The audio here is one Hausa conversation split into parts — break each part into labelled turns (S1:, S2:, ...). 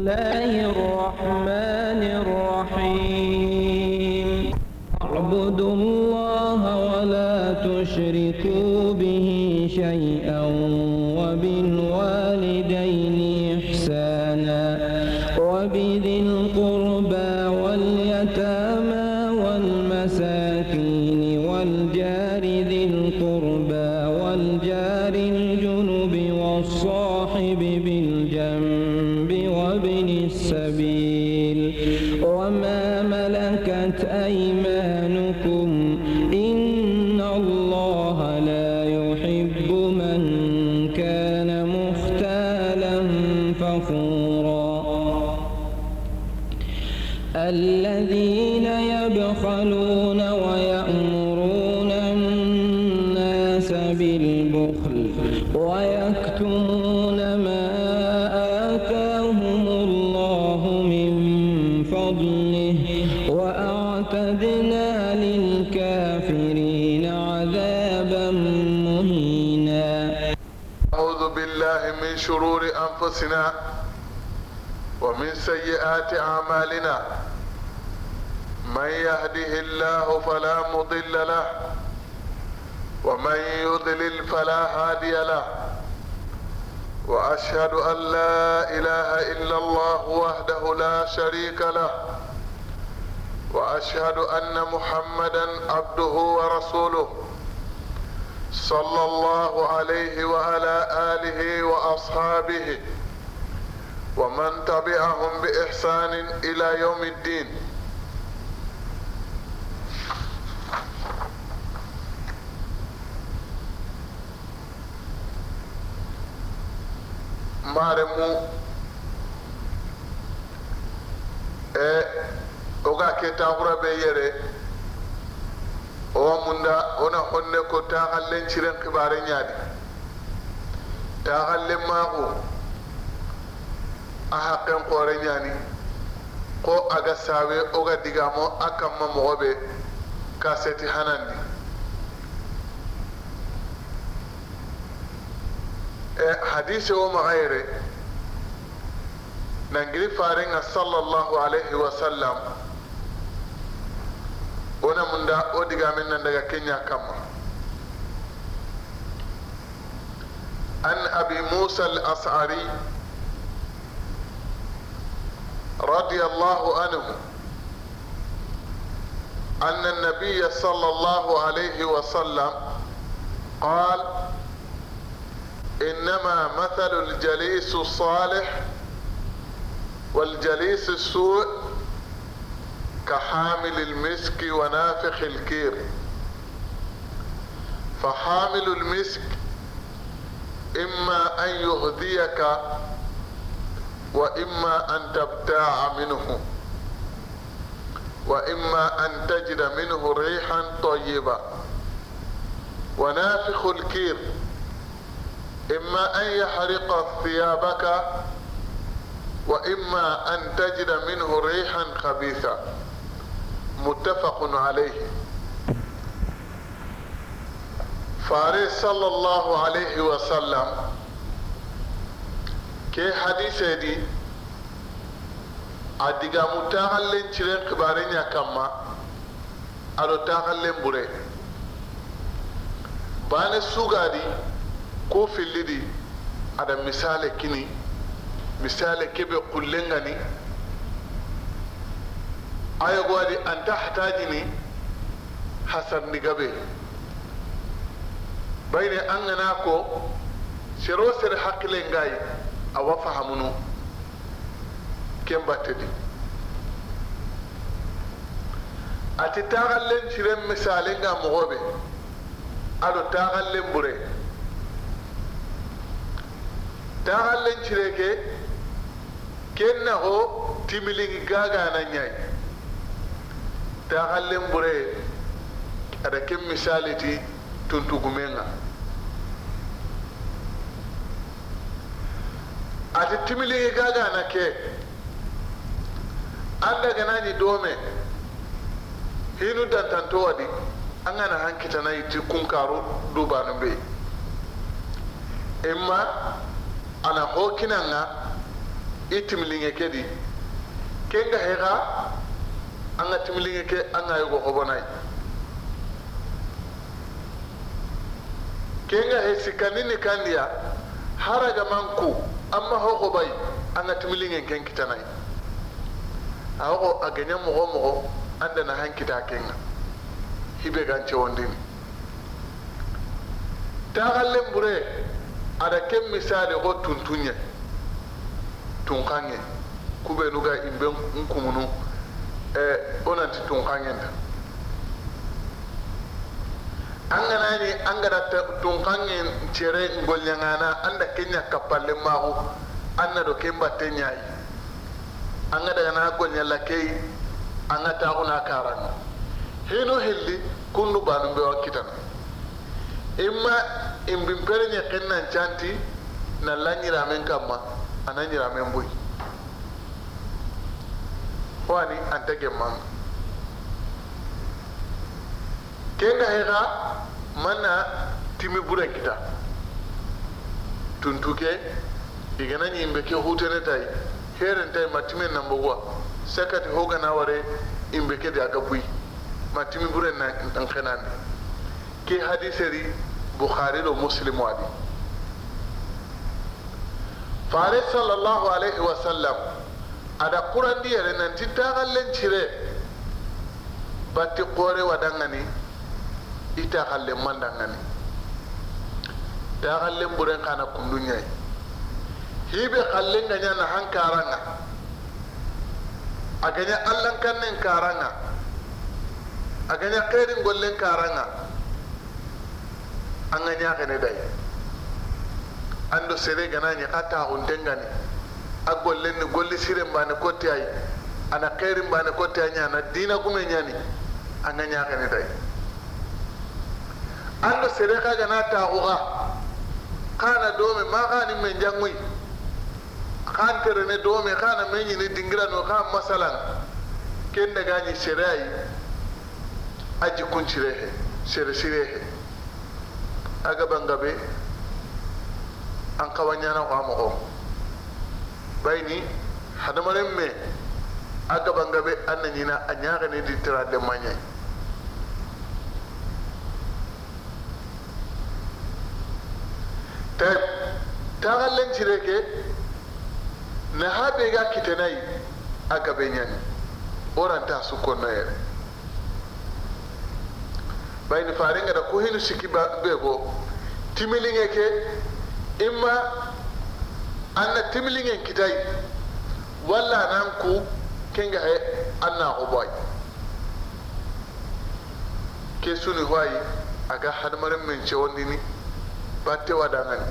S1: الله الرحمن الرحيم اعبدوا الله يكتمون ما آتاهم الله من فضله وأعتدنا للكافرين عذابا مهينا أعوذ بالله من شرور أنفسنا
S2: ومن سيئات أعمالنا من يهده الله فلا مضل له ومن يضلل فلا هادي له واشهد ان لا اله الا الله وحده لا شريك له واشهد ان محمدا عبده ورسوله صلى الله عليه وعلى اله واصحابه ومن تبعهم باحسان الى يوم الدين maremu e o ga ke taxura be yere owa munda ona honne ko ta taxallen ciren xibare ñaadi taxallen maaxu a xaqen kore ñaani ko aga sawe oga digamo a ma moxo ɓe ka seti hanandi حديث ومغيره ننجلي فارنga sallallahu alaihi wasallam ona munda o diga min nan daga kenya kama an abi musa al-as'ari radiyallahu anhu أن النبي صلى الله عليه وسلم قال انما مثل الجليس الصالح والجليس السوء كحامل المسك ونافخ الكير فحامل المسك اما ان يغذيك واما ان تبتاع منه واما ان تجد منه ريحا طيبه ونافخ الكير إما أن يحرق ثيابك وإما أن تجد منه ريحا خبيثة متفق عليه فارس صلى الله عليه وسلم كي حديث دي adiga mu taxallen ciren xibarenya kamma aɗo taxallen ɓure bane sugadi ko a da misale kini misale kebe kullengani ayago adi anta hatajini ni gabe bayne an gana ko a sere hakkile ngayi awa fahamunu A battedi ati taxallen ciren misale nga a aɗo taxallen bure. taxallen cire ke ken gaga timilingi gagana ta taxallen bure ada ti misaliti tuntugumenga ati gaga na ke na ni dome hinu dantanto wadi an gana yi ti kunkaru dubanu in imma ala ko nga i timilinŋe ke di kenga hega an ga timilinŋe ke an ga yogo xobonayi kenga he sikkanini kandiya man ku an ma ho xobayi an ga timilinŋen ken kitanai, a woxo a geɲa mɔgɔ-mɔgɔ an dana han kita kenga hibe gan cewondini taxan len bure ada ken misali ko tuntunye tunkanye kube nuga imbe nkumunu eh, onanti tunkangenda an gana ni an gana tunkanye cere ngolnyangana an da kenya kapalle mahu an na do ken batte nyayi an ga daga na golnyalla kei an ga taxuna karano hino hilli kundu banu wa kitana imma in bin pere nye ken nan canti na la nyiramen kamma ana nyiramen boy wani anta ke manga kenga hega mana timi buren kita tuntuke igana nyimbe ke hutene tai heren tai matime nambogwa sakati hoga na ware imbe ke da gabui matimi buren na nkanande ke hadiseri bukhari ɗo muslim waɗi faare sallllahu alaihi wa sallam aɗa qurandi yere nantintaxan lencire batti qoore waɗangani itaxan len mandangani buren kana ɓuren yayi hibe hiɓe xan yana han karanga a allan kannin karanga a kairin gollen karanga an ga ne dai an do sere gana ñi xa taxunten gani a gollen ni golli sire siren ne kotti ay ana kairin xeerin ne kotti a na dina kuma nya ne an ga ne dai an do sere xa gana taxuxa xana doome ma xani men janguy xan terene doome xana me dingira no xa masalan ken daga ni sere ay a jikkuncire he sere sire he gaban gabe an kawanyana ko bai ni hadamarin me gaban gabe an nanyina a ne di tira de mañe Ta taxallen cire ke na ha ga kitanai a gaban yanni oranta sukkonno yere bayni faringa da ko hinu siki ba bego timilinge ke imma anna timilinge kitai walla nan ku kenga he anna oboy ke suni wayi aga hadmarin min ce wondini batte wadangani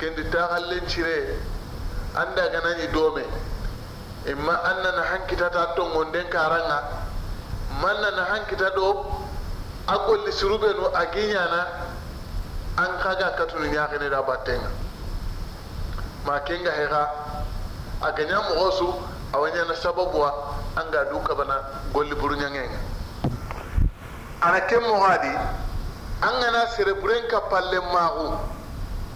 S2: kendi ta hallen cire an anda ganani dome imma anna na hankita ta tongonden karanga manna na hankita do a golli sirubenu a giñana an kaga katunu ñaxine da battenga ma kenga hexa a gaña moxo su awa ñana sababuwa an ga du kabana golli buruñangenga ana ke moxadi an gana sere buren ka palle maxu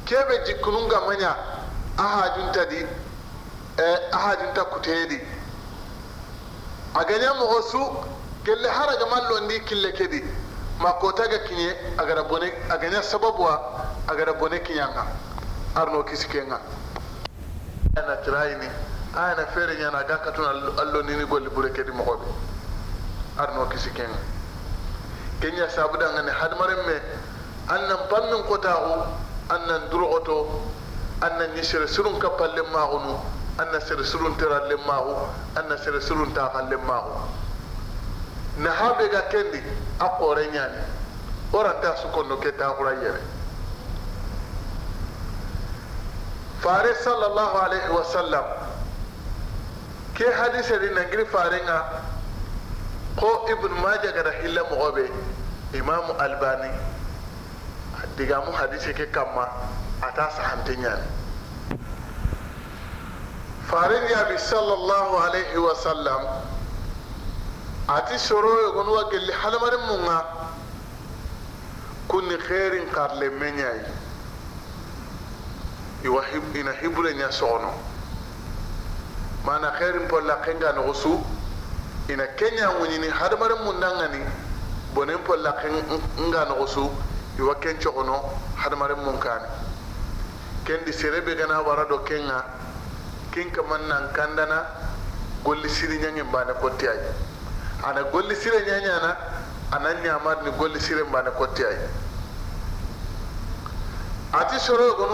S2: kebe jikkununga maña a hajunta di eh, a hajunta kuteyedi a gaña moxo su gelle haraga mallondi kille kedi makota ga a gara bone agaña sababuwa gara bone kiñanga arno kisikenga ana a ana fere ñana ga katuna allo ni golli bure kedi mogoɓe arno kisikenga keña sabudangani hadmaren me annan pammin kotaxu annan duroxoto annan ñi sere sirun kappa len surun anna sere sirun terallen maxu anna sere sirun taxallen hu na habe ga kendi a kore su oranta sukondo ke kura yere fare sallallahu alaihi wa sallam ke hadiseri nangiri nga ko ibn maja gada hilla mogoɓe imamu albani digamu hadise ke a ta sahante fare ya bi sallallahu alaihi wa sallam ati soro gonu wa gelli mun munga kunni khairin karle menyai iwa ina hibule nya sono mana khairin polla xenga no su ina kenya woni ni mun mundanga ni bonen polla xenga no su iwa kencho ono halamari munkani kendi serebe gana warado kenga kinka mannan kandana golli siri nyangi bana kotti ayi ana golli sire ñañana anan ñamar ni golli sire mbane kotti ay ati soro gon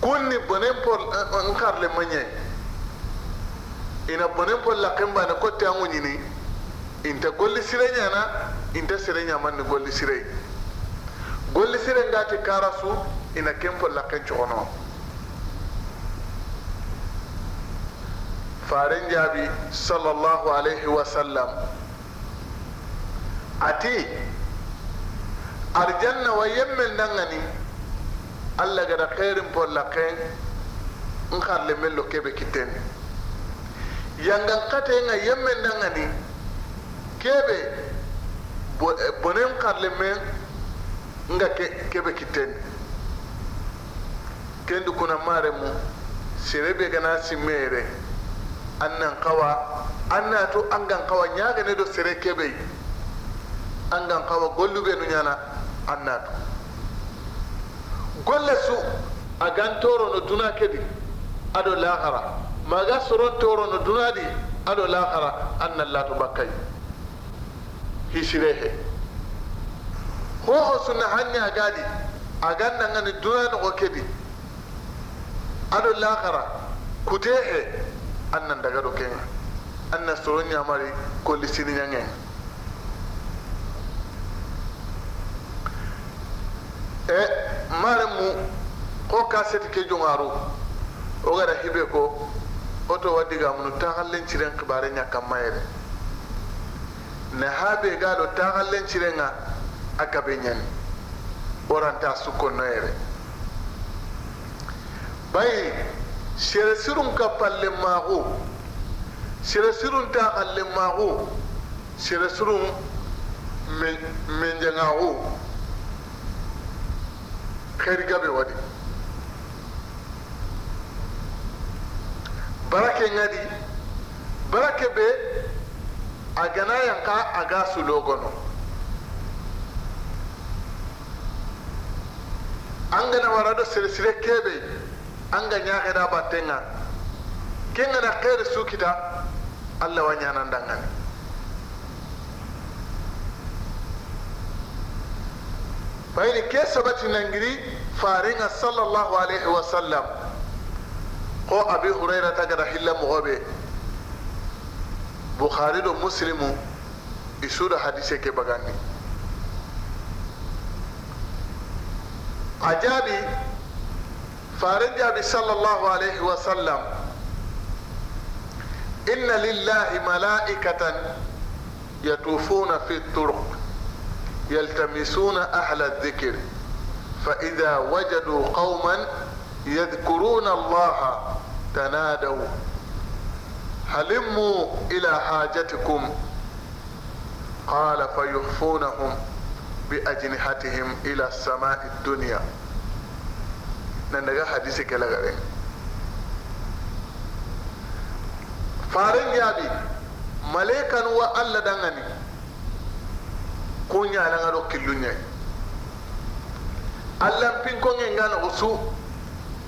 S2: kun ni bonen pol eh, eh, nkarle mañay ina bonen pol lakin mbane kotti angu ñini inta golli sire ñana inta sire ñamar ni golli sire golli sire ngati karasu ina ken pol lakin cogonoa faren jabi sallallahu alaihi wasallam ati arjanna wa nan gani allah gada xeerin pollake n xarle men lo keɓe kitten yangan xatenga yemmel nangani keɓe bonen xarle men nga keɓe kitten kendu kuna mare mu sirebe gana mere. annan kawa anna to gan kawa ne do sere an gan kawa golluɓe nu an anna to golle su a gan toro no duna kedi ado lahara maga toro no di ado lahara annan latu bakkai, hisire he ho sunna hanña gaadi a gan ne duna no kedi ado lahara kutehe he annan daga do kenga anna soro ñamari kolli sini ñangenga e mare mu ko kaseti ke jongaru o gara hibe ko oto ta gamunu taxallen ciren ya kan mayar ne habe ga ta taxallen cirenga a kabe ñani oranta sukkonno yere bayi sere sirun ka palle mago sere sirun ta kalle mago sere sirun menjangago khairi gabe wadi barake ngadi barake be a gana yanka a su logono an warado sere da sire-sire kebe an ga ñaxeda battenga ke ngana xeere sukita allah wa dangane. Bayani ke sabatinangiri farenga sallallahu alaihi wa sallam ko abi hurairata gada hilla moxoɓe bukhari da muslimu isu da hadise ke bagani. a jaabi فارد النبي صلى الله عليه وسلم إن لله ملائكة يطوفون في الطرق يلتمسون أهل الذكر فإذا وجدوا قوما يذكرون الله تنادوا هلموا إلى حاجتكم قال فيخفونهم بأجنحتهم إلى السماء الدنيا nan daga hadisi kala gare farin ya bi malaikan wa allah ani ko nyalan ado killun nyai allah pin ko ngana usu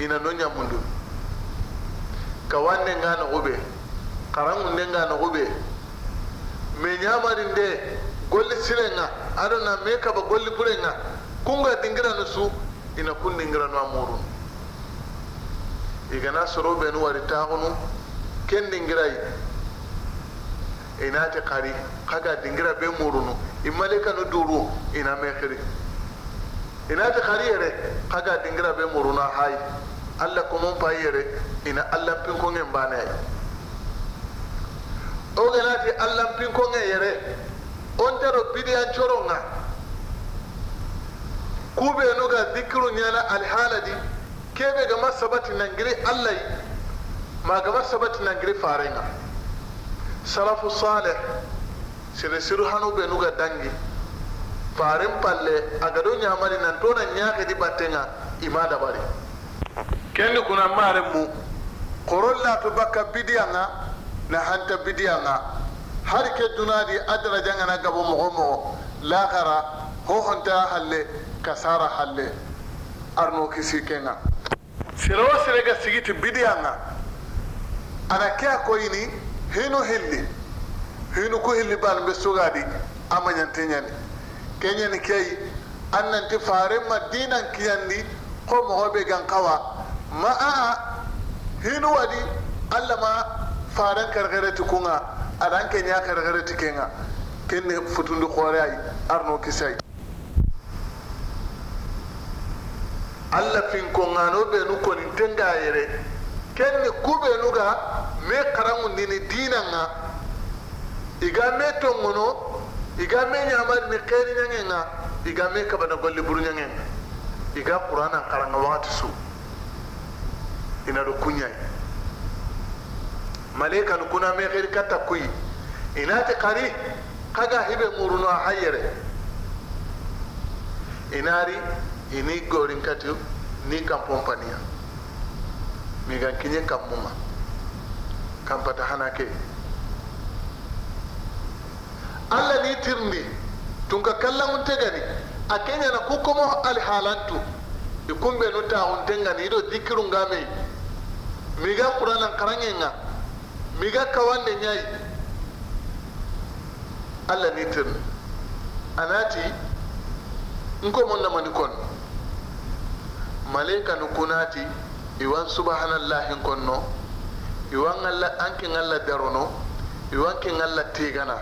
S2: ina no nyamundu kawanne ngana ube karangunde ngana ube me nyamarin de golli silenga adona me kaba golli burenga kunga dingira nusu ina kun dingira no amuru. igana soro nu wari taxunu ken dingirayi inati xari xaga dingira be murunu imalikanu duru ina mexiri inati xari yere xaga dingira be muruna hayi alla komon pa yere ina allanpinkongen baneyi o genati allanpinkongen yere ontero bidiyancoronga kubenu ga zikiru ñana alhaladi kebe ga masabati nangiri allai ma ga masabati nangiri farina salafu salih sire siru hannu be nuga dangi farin palle aga do nyamari nan to nan ka di battenga ima da bari kendi kuna mare mu korolla to bakka bidiyanga na hanta bidiya bidiyanga har ke dunadi adra jangana gabo mo mo lahara ho honta halle kasara halle arno kisi kenga sira wo sigiti ga sigi bidiya ana ke a koyini hinu hilli hinu ku hilli bani be sugadi ama ñanti nyani ke ñani keyi an nanti dinan kiyandi ko mogo be gan kawa ma aa hinu wadi alla ma faren kargereti kunga adan ke ña kenga kenne futundi xooreayi arno kisayi alla be nu koni tenga yere kube nu ga me dina nga iga me tongono iga me ñamari ni nyange nga iga me kabana gole buru nga iga kurana karanga wati su ina do kuñayi nu kuna me kata kui ina te kari kaga hibe muru a hayere inari ini gorin kati ni kan pompaniya mi gan kinye kam muma kan pata hana ke alla ni tirni tun ka kallangun gani a keñana ku komo alihalantu i kumbe nu taxuntengani ido dikirunga mei miga quranan karangenga miga kawande ñayi alla ni tirni anati nkomo namani kon malaika nu kunati iwan subhanallahi konno iwan alla anki ngalla darono iwan ki ngalla tigana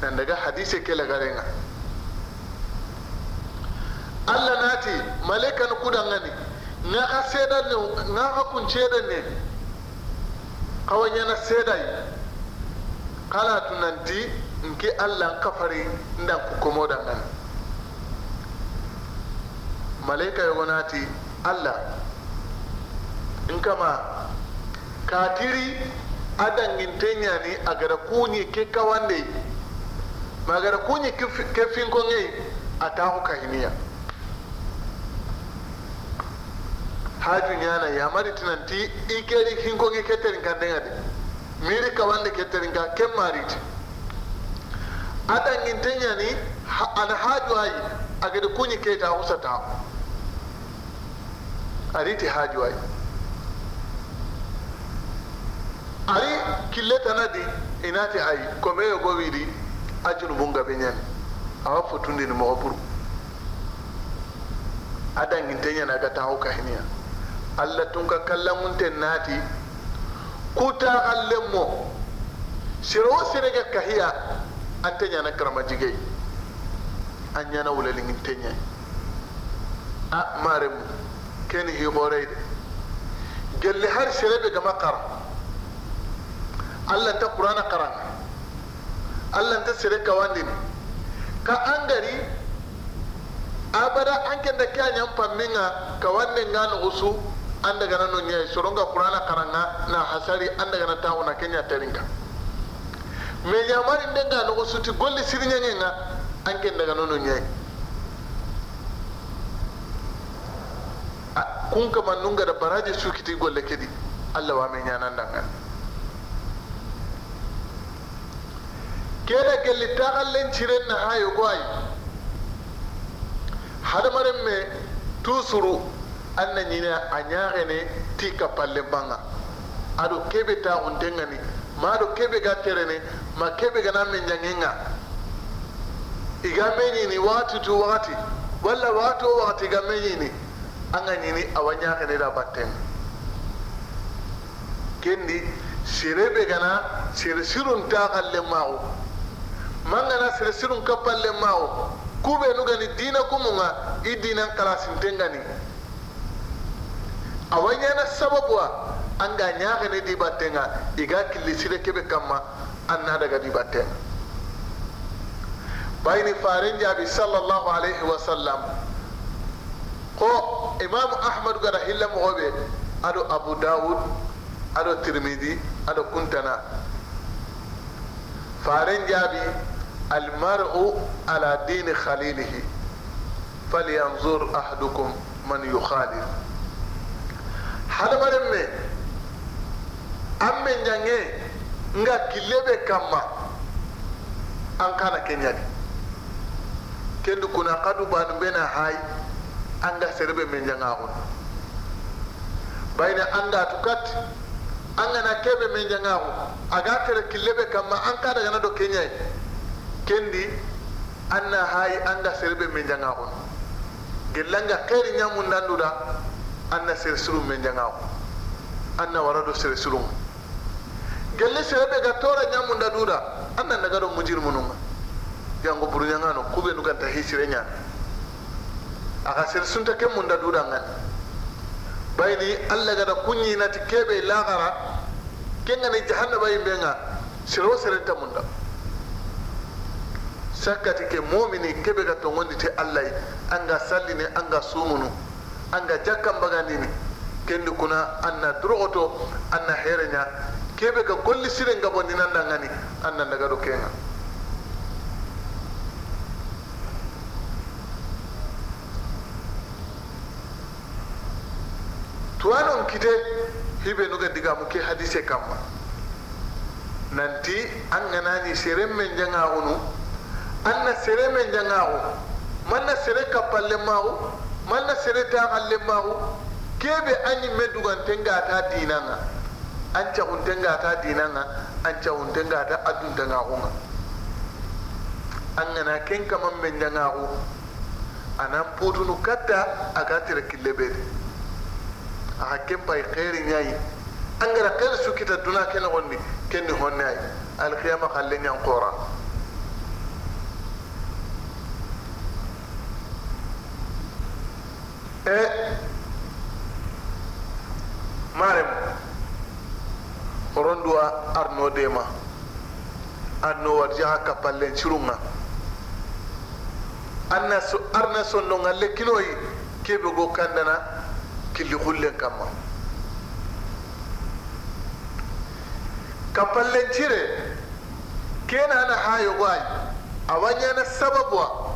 S2: nan daga hadise kele garenga allah nati malaika nu kudangani ngaka seedan ne ngaka kun ceedan ne kawanyana yi kala tunanti nanti nke allah kafari ndan kukomoda komodangani malaikar gwamnati allah in kama katiri tenya ne ni gara kunye ke kawande gara kunye ke a ngai atahu kahiniya haju nyana ya mari tinanti ikeri yi ngi keterin kandenga de miri kawande keterin ka kemarit adan intenya ni ana haju hayi gara kunye ke ta usata alitihadi wayi ari ina inati ayi komi yogo widi a junubunga be ñani awa fotundini moxo pour a danginte ñana ga taxu kahiniya allah tun ka kallamunten naati kutaxan len mo sere wo serege kahiya ante ñana karama an a ñana wulalinginten ñayi a maremu. mu كان هي بوريد قال لي هر شرب جما قرا الله انت قران قرا الله انت سرك واندين كأنغري abada an ke da pamminga ka ngan usu an daga nan nya surunga qur'ana karanga na hasari an daga nan tauna kenya taringa me nyamarin denga no usu ti golli sirinya nga an ke daga kun kama nunga da baraje su kiti golle kedi allah wa men yanan ke da gelli ta allen ciren na hayo goy hadamaren me tusuru anna nyina ne ti palle banga ado kebe ta ni ma do kebe ga terene ma kebe gana men jangenga iga ni watu tu wati walla watu wati ga ni. an ka ɲini a wa ɲa ne da batten kendi sere be gana sere sirun ta kalle mawo man gana sere sirun o mawo bɛ nu gani dina nga i dinan te gani a wa ɲana sababuwa an ga ɲa kene di batten nga i ga sire kebe kama an na daga di batten bayni farin jabi sallallahu alaihi wasallam ko imam ahmadu gara hilla mogo ɓe aɗo abu dawud aɗo tirmidi aɗo kuntana faren jaabi almar'u ala dini khalilihi falyanzur ahadukum man yukhalil hadamaren me an me nga kille ɓe an kana keñadi kendu kuna kadu banu ɓena hayi anga serebe men jangaxun bayne anga tukat na kebe men jangaxu aga kere kilebe kamma an ka dagana do kenya e. kendi an na hayi anga serebe men jangaxun gellanga xeeri ñamundanduda an na sere sirum men jangaxu an na wara ser sere gelle serbe ga tora ñamunda duda an na naga do mujirmununga yango buruñangano kuɓe nuganta hisire ñana aga sir sunta ke munda dudangan bayni allah da kunyi na nati kebe lagara ni jahannaba yimɓe ga siro ta munda sakkati ke momini kebe ga to gondite allah ne sallini ga sumunu an anga ne kendi kuna anna durogoto anna herenya kebe ga golli siren gabondinan dangani annan daga do kenga tuwanon kite hibe nuga diga muke hadise kamma nanti an ni sere men jangahunu an na sere men jangahu man na sere kappalle mahu man na sere taxalle mahu kebe an tenga ta dinanga an ta dinanga an ta tenga aduntangaxunga an gana ken kaman men jangahu anan putunu katta aga tere kille bede a kairin yayi an gara kai su kita duna kena wani kenni honne ay al qiyama khalle nyan qora e eh, marem ronduwa arno dema arno warjaha kapallen cirunga anna su arna sondonga lekkinoyi kebe go kandana killi hullen kamma cire kena na hayo ay a wanyana sababuwa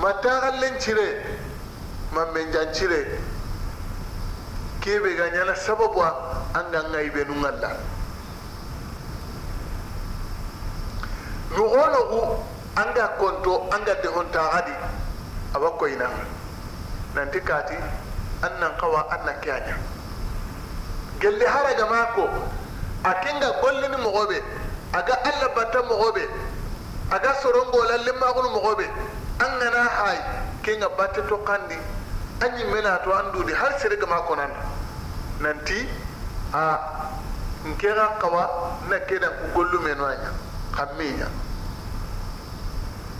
S2: matagallancire mammenjancire kebe ga ñana sababuwa an ga ngaybe nu ngalla nugo nogu an ga konto an ga dehontaxadi awa na. nanti kati annan kawa kyanya gelle hara ga mako akinga gollini mogobe aga alla batta mogobe aga sorongo lalle magunu mogobe an gana hay kinga batta to kandi anyi mena to andudi har ga mako nan nanti a nkera kawa na kedan ku gollu menoanya kammiya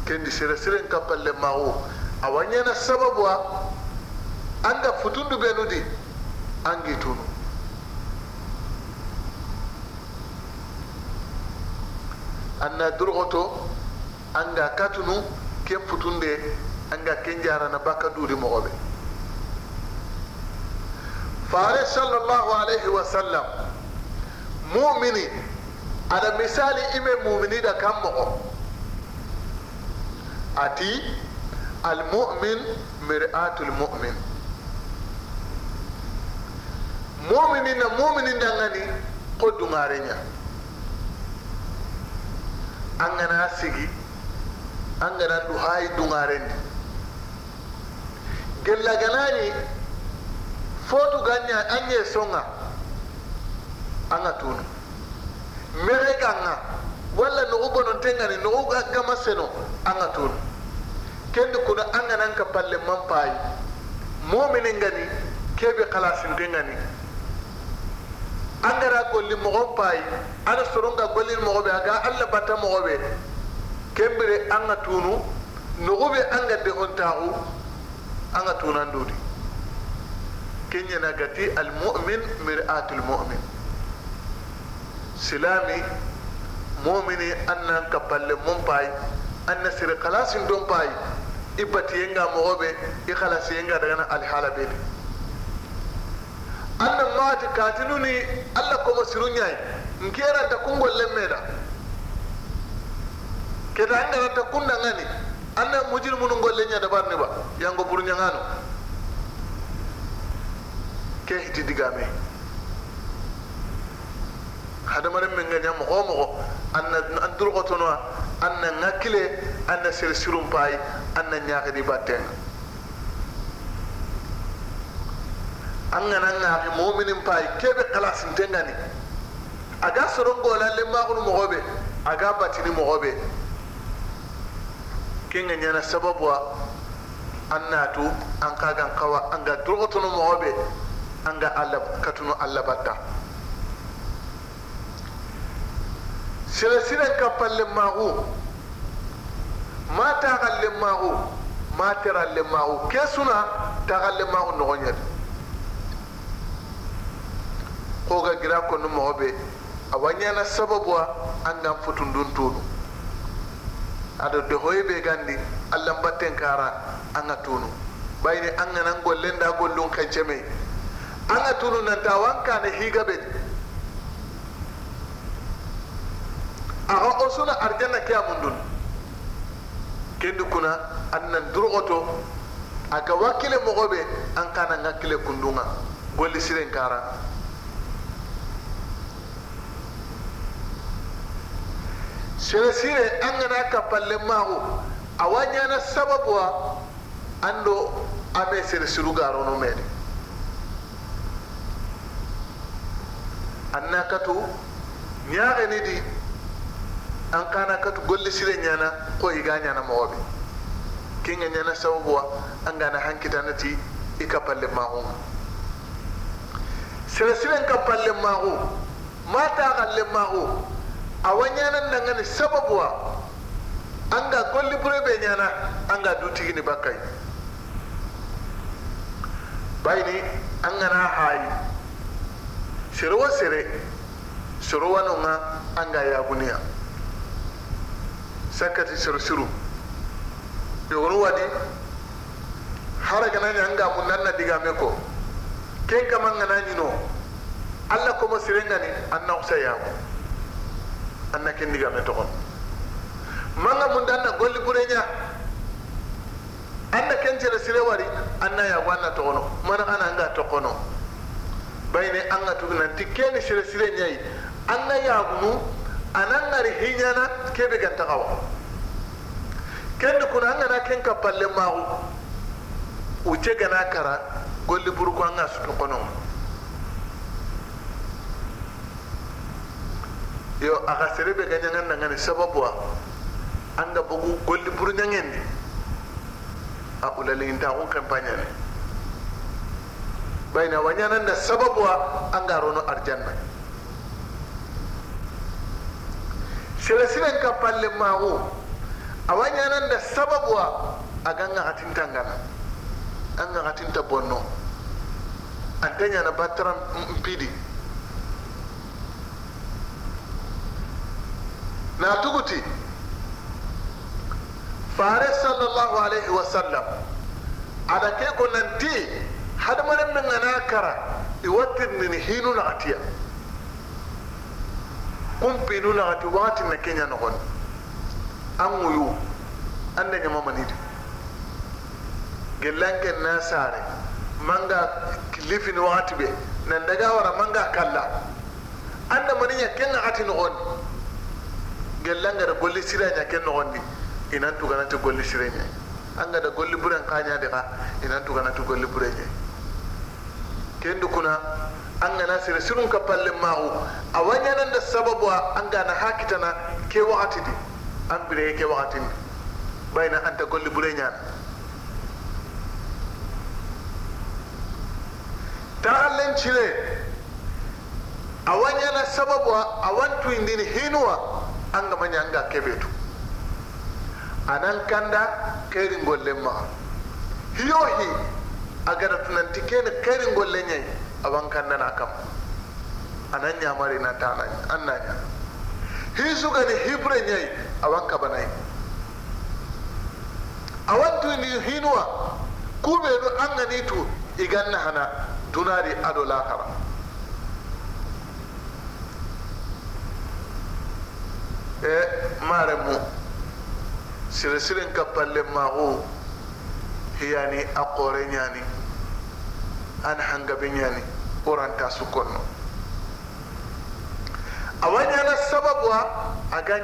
S2: kendi sere sere kapalle mawo awanyana sababu a An anda futundu benudi angi tunu anna durgoto ga katunu da futunde ga ken jarana bakka duuri mogoɓe fare sallallahu alaihi wa sallam mumini aɗa misali ime da kan mogo ati almumin mir'atu mumin. muminin na muminin da ngani ko dungare nya an gana sigi an gana du hayi dungare ni gella ganani fotu ganya an ye songa an ga tunu mere ganga wala nugu bonon tengani nugu gama seno an ga tunu kendi kuna an ganan ka palle man payi muminin gani kebe kalasin gani an gara golli mogon payi ana soronga gollin mogo be aga alla batta mɔgɔ bɛ kembire an ka tunu nugu bɛ an ka de on taxu an ga tunan dudi kenyana gati almumin tuli mumin silami momini an nan kapalle mun payi an na siri kalasin don payi i batiyenga mɔgɔ bɛ i daga na alhala bɛ ne. annan maati kaatinuni alla komo siruñaay nkeeranta kungol lemmeda keta angaranta ngani annan mujir munu ngolle da barni ba yango burñangano ke hiti digame hadamaren min ga ña moxo moxo anna an durgotonoa annan ŋa annan sirsirun pai annan anna ba battenga an gana ŋaami muminin payi kebe te ŋani a ga sorongola lemmaxunu mɔgɔ bɛ a ga batini mɔgɔ bɛ ke ŋa ɲana sababuwa an natu an ka gan kawa an ga tunu mɔgɔ bɛ an ga katunu allah batta ka kappan lemmaxu ma taxan lemmaxu ma teran lemmaxu ke suna taxan lemmaxu noxo ɲedi ko gira gira konu mogo be wanya na sababu an gan dun tunu ada hoye be gandi allan batten kara an ga tunu bayni an ganan gollen da gollun kan ceme an ga tunu nan ta wanka na higa be aga o suna arjanna kya mundun kendi kuna annan durgoto a ga wakile mogo be an kana ga kile kundunga golli siren kara sere sire an gana ka palle mahu na sababuwa an ando ame sere siru garono mede anna katu gani di an kana katu golli sire ñana ko iga mawabi kin kinga ñana sababuwa an gana hankitanati i ka palle mahu sere siren ka palle maxu ma taxalle mahu awan yanan nan gani sababuwa anga golli bure be nyana ga dutigi ni bakai an angana hayi sere wo sere soro an ga ya yaguniya sakati soro siru yogonu wadi gamu nan na diga meko ken kama ngana ñino allah komo sirengani anna usa yago anna ken digame toxon manga mun danna golli bureña anna ken cere sire wari anna yago anna toxono mana ana anga toxono bayne anga tugnanti keni sire sire ñayi anna yagunu anan ngari hiñana kebe gantaxawa kendi kuna an gana ken ka palle maxu uce gana kara golli buruko an ga sutu xonon yo a ka sere be ga sababu nangani an ga bugu golli buru ne a ulaliginta kun kempañani bayna wa ñananda sababuwa anga rono arjanna sere siren ka palle maaku a ñananda sababuwa aga sababu ngana a ŋaxatinta bonno anta ñana battara mpidi la tubuti fare sallallahu alaihi wasallam ada ke ko nanti hada manan min ana kara iwatin min hinu na atiya kun pinu na ati wati na kenya na hon an wuyu an da nyama manidi gellanke na sare manga kilifin wati be nan daga wara manga kalla an da maniya kenga ati na hon gellangada golli nya ken nogondi inan tuganati golli sireñe goli golli kanya de ka inan tuganati golli nya ken dukuna an gana sere sirun ka palle maxu awanya nan da sababu a an gana na ke wakati di an bire ke ni bayna anta golli bureñana Ta len cile a sababu a a wantuindini hinuwa An anga manya anga a nan kanda kairin gollen ma hiyohi agara tunanti kene kairin gollen yayi ban kanda na kam ya nyamari na ta nan hi su gani hibre yayi aban a wantu ni hinuwa kube no an ni igan na hana tunari adola kara e maremu sirisirin kappalle hiyani a kore ɲani an hangabe ɲani oranta su konno awa ɲana sababu a ga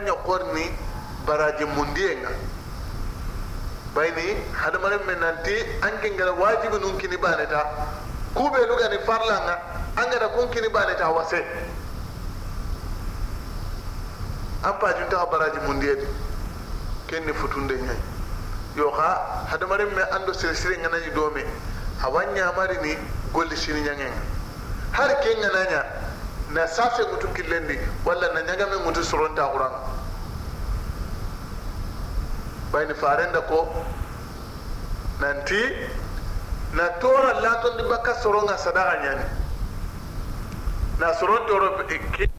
S2: baraji mundiyen bayni hadamaren me nanti an kengara wajibi kini baneta kubelu gani farlanga an gada kun kini baneta wase an pajuntaxa baraji mundiyedi ken ni futunde ñayi yo xa hadamaren me ando sere sire ŋanañi dome awa ni golli sini ñaŋenga har ken ke ŋanaña na sase ŋutu killendi wala na ñagame ŋutu soronta xuranga bayni farenda ko nanti na tora latondi bakka soronga sadaxa ñani na soron toro eh, ke